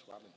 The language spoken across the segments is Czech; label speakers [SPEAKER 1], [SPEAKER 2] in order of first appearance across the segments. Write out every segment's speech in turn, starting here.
[SPEAKER 1] schwammen.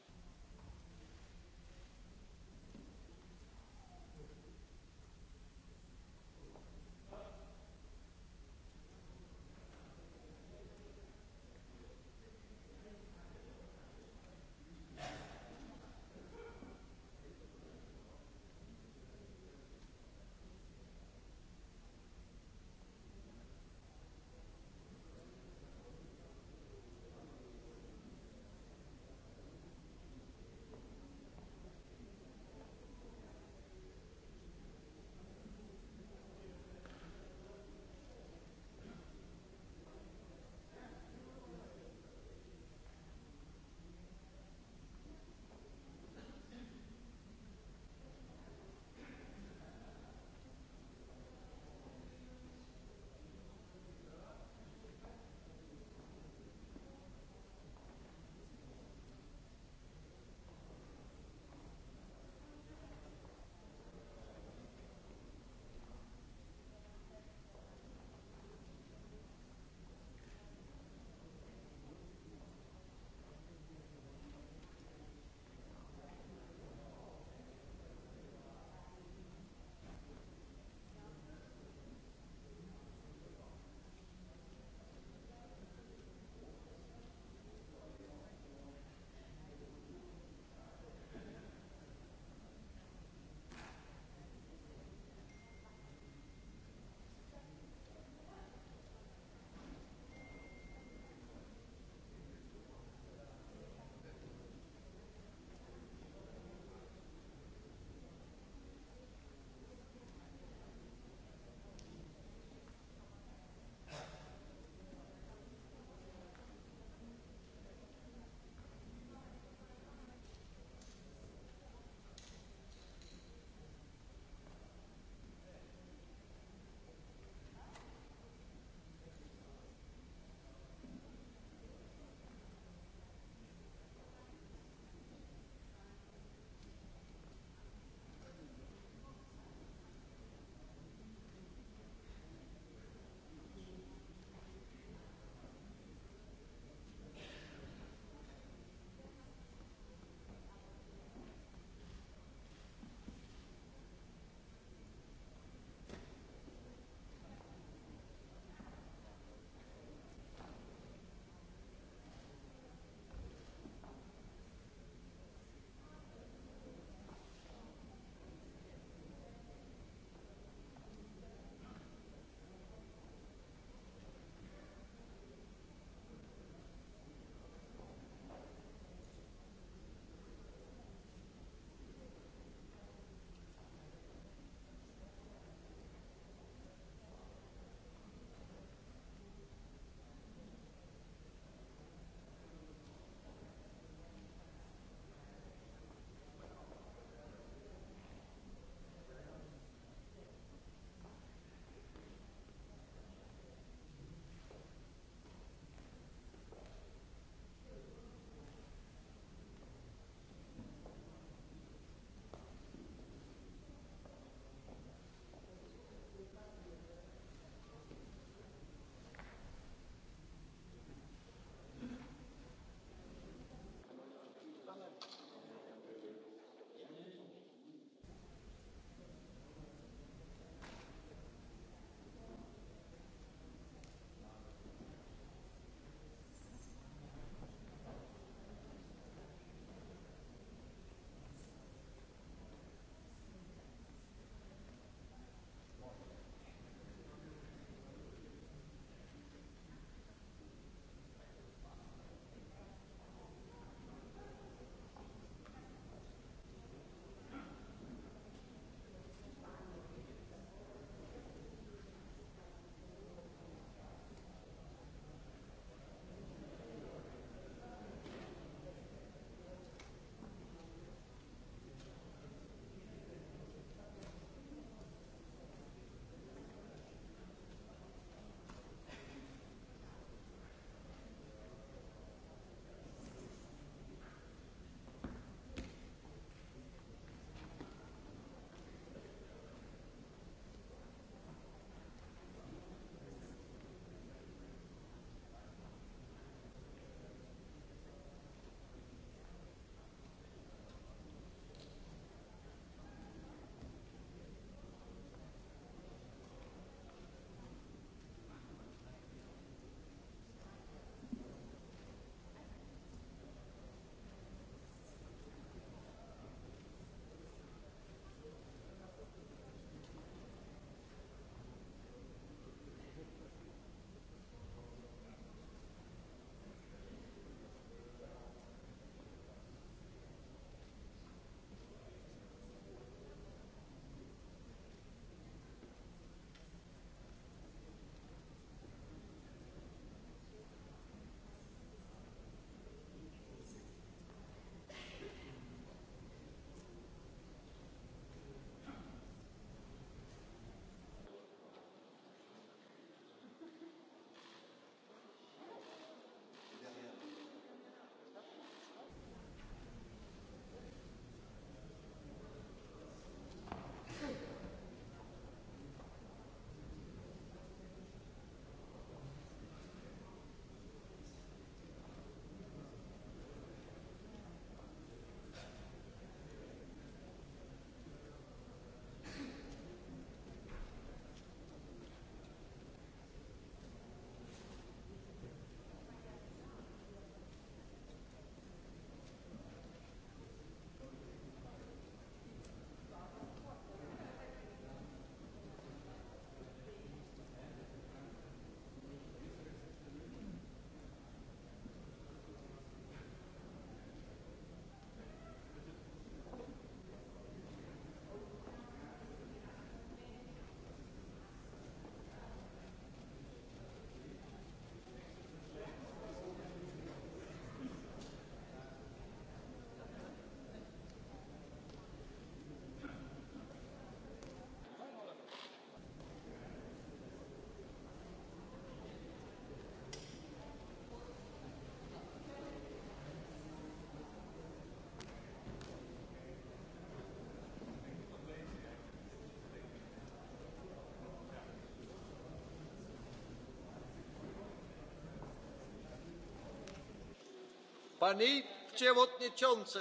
[SPEAKER 2] Pani przewodniczący!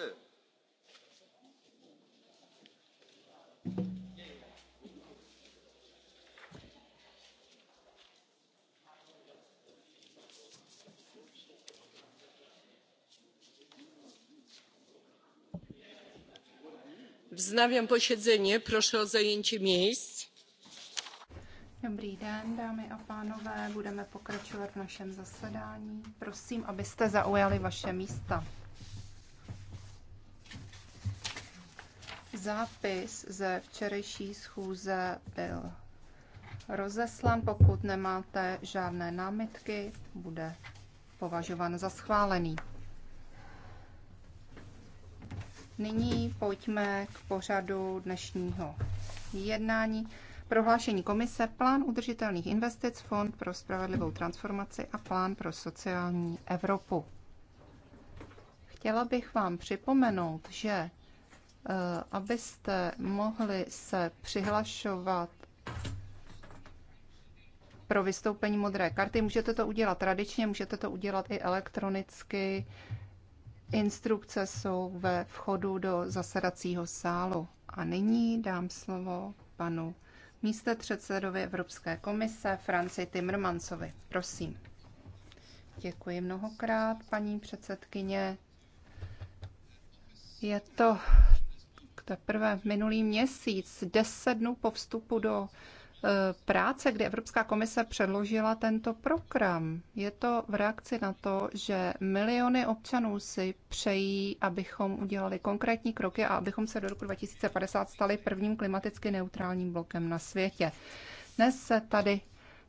[SPEAKER 3] wznawiam posiedzenie proszę o zajęcie miejsc a pánové, budeme pokračovat v našem zasedání. Prosím, abyste zaujali vaše místa. Zápis ze včerejší schůze byl rozeslan. Pokud nemáte žádné námitky, bude považován za schválený. Nyní pojďme k pořadu dnešního jednání. Prohlášení komise, plán udržitelných investic, fond pro spravedlivou transformaci a plán pro sociální Evropu. Chtěla bych vám připomenout, že eh, abyste mohli se přihlašovat pro vystoupení modré karty. Můžete to udělat tradičně, můžete to udělat i elektronicky. Instrukce jsou ve vchodu do zasedacího sálu. A nyní dám slovo panu místo předsedovi Evropské komise Franci Timmermansovi. Prosím. Děkuji mnohokrát, paní předsedkyně. Je to teprve minulý měsíc, deset dnů po vstupu do Eh, práce, kdy Evropská komise předložila tento program. Je to v reakci na to, že miliony občanů si přejí, abychom udělali konkrétní kroky a abychom se do roku 2050 stali prvním klimaticky neutrálním blokem na světě. Dnes se tady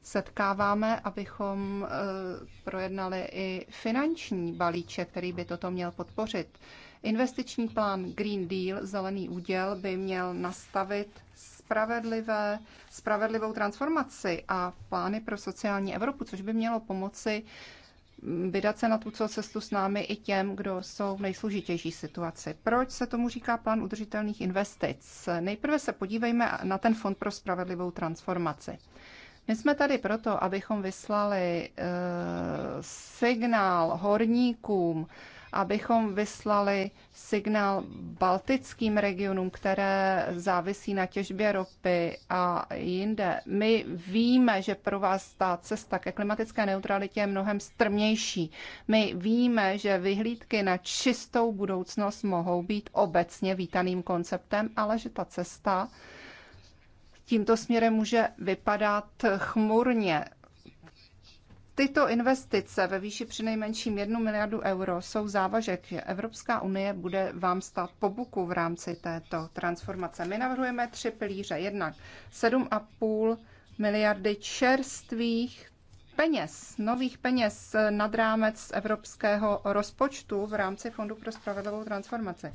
[SPEAKER 3] setkáváme, abychom eh, projednali i finanční balíček, který by toto měl podpořit. Investiční plán Green Deal, zelený úděl, by měl nastavit spravedlivé, spravedlivou transformaci a plány pro sociální Evropu, což by mělo pomoci mm, vydat se na tu cestu s námi i těm, kdo jsou v nejsložitější situaci. Proč se tomu říká plán udržitelných investic? Nejprve se podívejme na ten Fond pro spravedlivou transformaci. My jsme tady proto, abychom vyslali e, signál horníkům, abychom vyslali signál baltickým regionům, které závisí na těžbě ropy a jinde. My víme, že pro vás ta cesta ke klimatické neutralitě je mnohem strmější. My víme, že vyhlídky na čistou budoucnost mohou být obecně vítaným konceptem, ale že ta cesta tímto směrem může vypadat chmurně. Tyto investice ve výši přinejmenším 1 miliardu euro jsou závažek, že Evropská unie bude vám stát po buku v rámci této transformace. My navrhujeme tři pilíře. Jednak 7,5 miliardy čerstvých peněz, nových peněz nad rámec evropského rozpočtu v rámci Fondu pro spravedlivou transformaci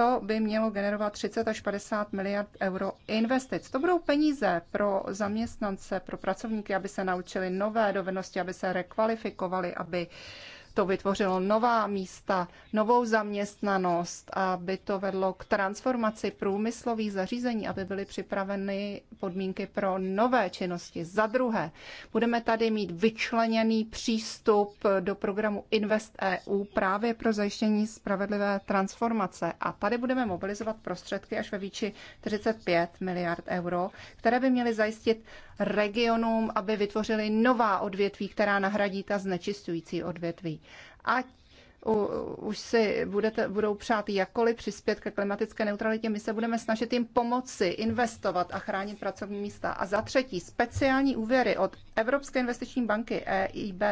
[SPEAKER 3] to by mělo generovat 30 až 50 miliard euro investic. To budou peníze pro zaměstnance, pro pracovníky, aby se naučili nové dovednosti, aby se rekvalifikovali, aby to vytvořilo nová místa, novou zaměstnanost, aby to vedlo k transformaci průmyslových zařízení, aby byly připraveny podmínky pro nové činnosti. Za druhé, budeme tady mít vyčleněný přístup do programu Invest EU právě pro zajištění spravedlivé transformace. A tady budeme mobilizovat prostředky až ve výči 45 miliard euro, které by měly zajistit regionům, aby vytvořili nová odvětví, která nahradí ta znečistující odvětví ať už si budete, budou přát jakkoliv přispět ke klimatické neutralitě, my se budeme snažit jim pomoci investovat a chránit pracovní místa. A za třetí, speciální úvěry od Evropské investiční banky EIB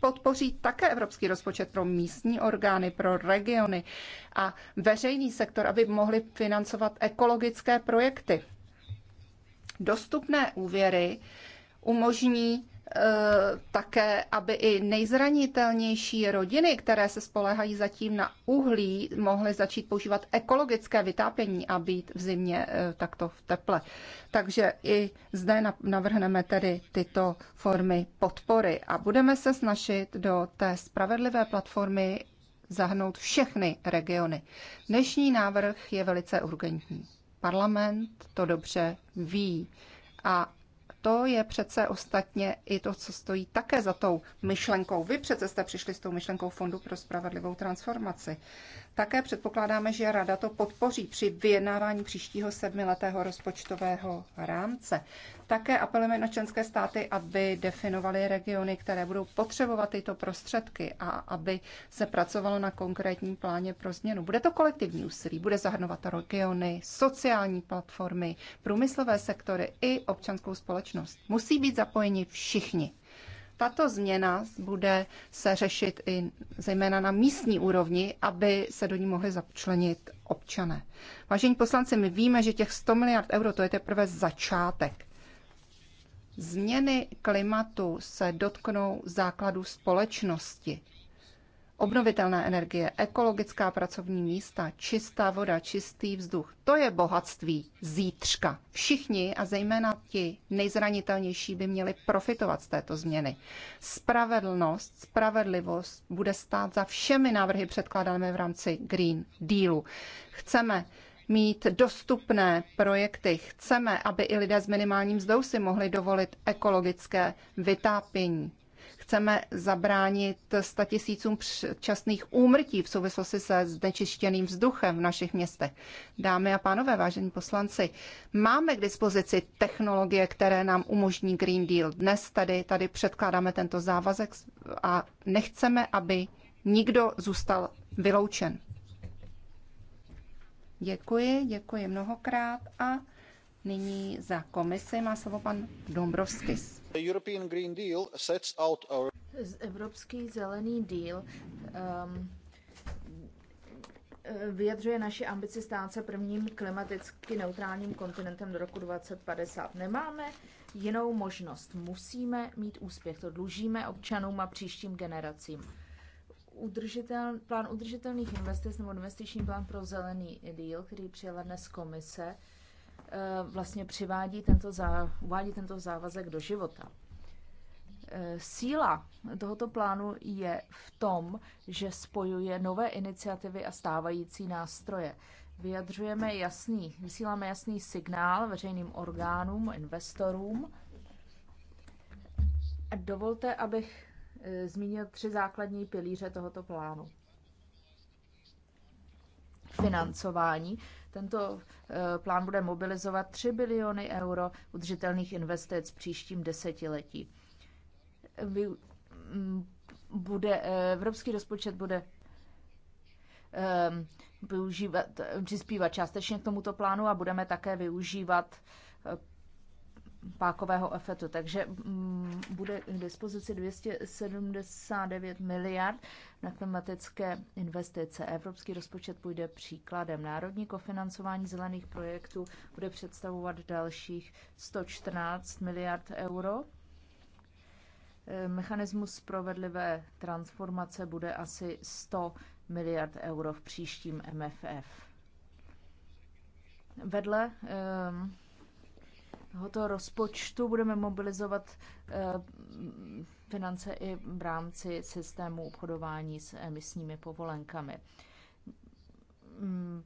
[SPEAKER 3] podpoří také evropský rozpočet pro místní orgány, pro regiony a veřejný sektor, aby mohli financovat ekologické projekty. Dostupné úvěry umožní Eh, také, aby i nejzranitelnější rodiny, které se spolehají zatím na uhlí, mohly začít používat ekologické vytápění a být v zimě eh, takto v teple. Takže i zde navrhneme tedy tyto formy podpory a budeme se snažit do té spravedlivé platformy zahnout všechny regiony. Dnešní návrh je velice urgentní. Parlament to dobře ví a to je přece ostatně i to, co stojí také za tou myšlenkou. Vy přece jste přišli s tou myšlenkou Fondu pro spravedlivou transformaci. Také předpokládáme, že Rada to podpoří při vyjednávání příštího sedmiletého rozpočtového rámce. Také apelujeme na členské státy, aby definovaly regiony, které budou potřebovat tyto prostředky a aby se pracovalo na konkrétním pláně pro změnu. Bude to kolektivní úsilí, bude zahrnovat regiony, sociální platformy, průmyslové sektory i občanskou společnost společnost. Musí být zapojeni všichni. Tato změna bude se řešit i zejména na místní úrovni, aby se do ní mohli začlenit občané. Vážení poslanci, my víme, že těch 100 miliard euro to je teprve začátek. Změny klimatu se dotknou základů společnosti obnovitelná energie, ekologická pracovní místa, čistá voda, čistý vzduch. To je bohatství zítřka. Všichni a zejména ti nejzranitelnější by měli profitovat z této změny. Spravedlnost, spravedlivost bude stát za všemi návrhy předkládáme v rámci Green Dealu. Chceme mít dostupné projekty. Chceme, aby i lidé s minimálním mzdou si mohli dovolit ekologické vytápění chceme zabránit statisícům předčasných úmrtí v souvislosti se znečištěným vzduchem v našich městech. Dámy a pánové, vážení poslanci, máme k dispozici technologie, které nám umožní Green Deal. Dnes tady, tady předkládáme tento závazek a nechceme, aby nikdo zůstal vyloučen. Děkuji, děkuji mnohokrát a nyní za komisi má slovo pan Dombrovskis.
[SPEAKER 2] Evropský zelený díl um, e, vyjadřuje naši ambici stát se prvním klimaticky neutrálním kontinentem do roku 2050. Nemáme jinou možnost. Musíme mít úspěch. To dlužíme občanům a příštím generacím. Udržitel, plán udržitelných investic nebo investiční plán pro zelený díl, který přijela dnes komise, Eh, vlastně přivádí tento, zá, uvádí tento závazek do života. Eh, síla tohoto plánu je v tom, že spojuje nové iniciativy a stávající nástroje. Vyjadřujeme jasný, vysíláme jasný signál veřejným orgánům, investorům. Dovolte, abych eh, zmínil tři základní pilíře tohoto plánu financování. Tento eh, plán bude mobilizovat 3 biliony euro udržitelných investic v příštím desetiletí. Mm, bude, eh, evropský rozpočet bude eh, využívat, přispívat částečně k tomuto plánu a budeme také využívat pákového efektu. Takže mm, bude k dispozici 279 miliard na klimatické investice. Evropský rozpočet půjde příkladem. Národní kofinancování zelených projektů bude představovat dalších 114 miliard euro. Eh, mechanismus spravedlivé transformace bude asi 100 miliard euro v příštím MFF. Vedle um, tohoto rozpočtu budeme mobilizovat eh, finance i v rámci systému obchodování s emisními povolenkami. Mm,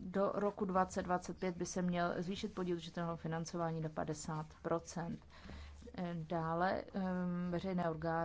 [SPEAKER 2] do roku 2025 by se měl zvýšit podíl udržitelného financování do 50 Dále eh, veřejné orgány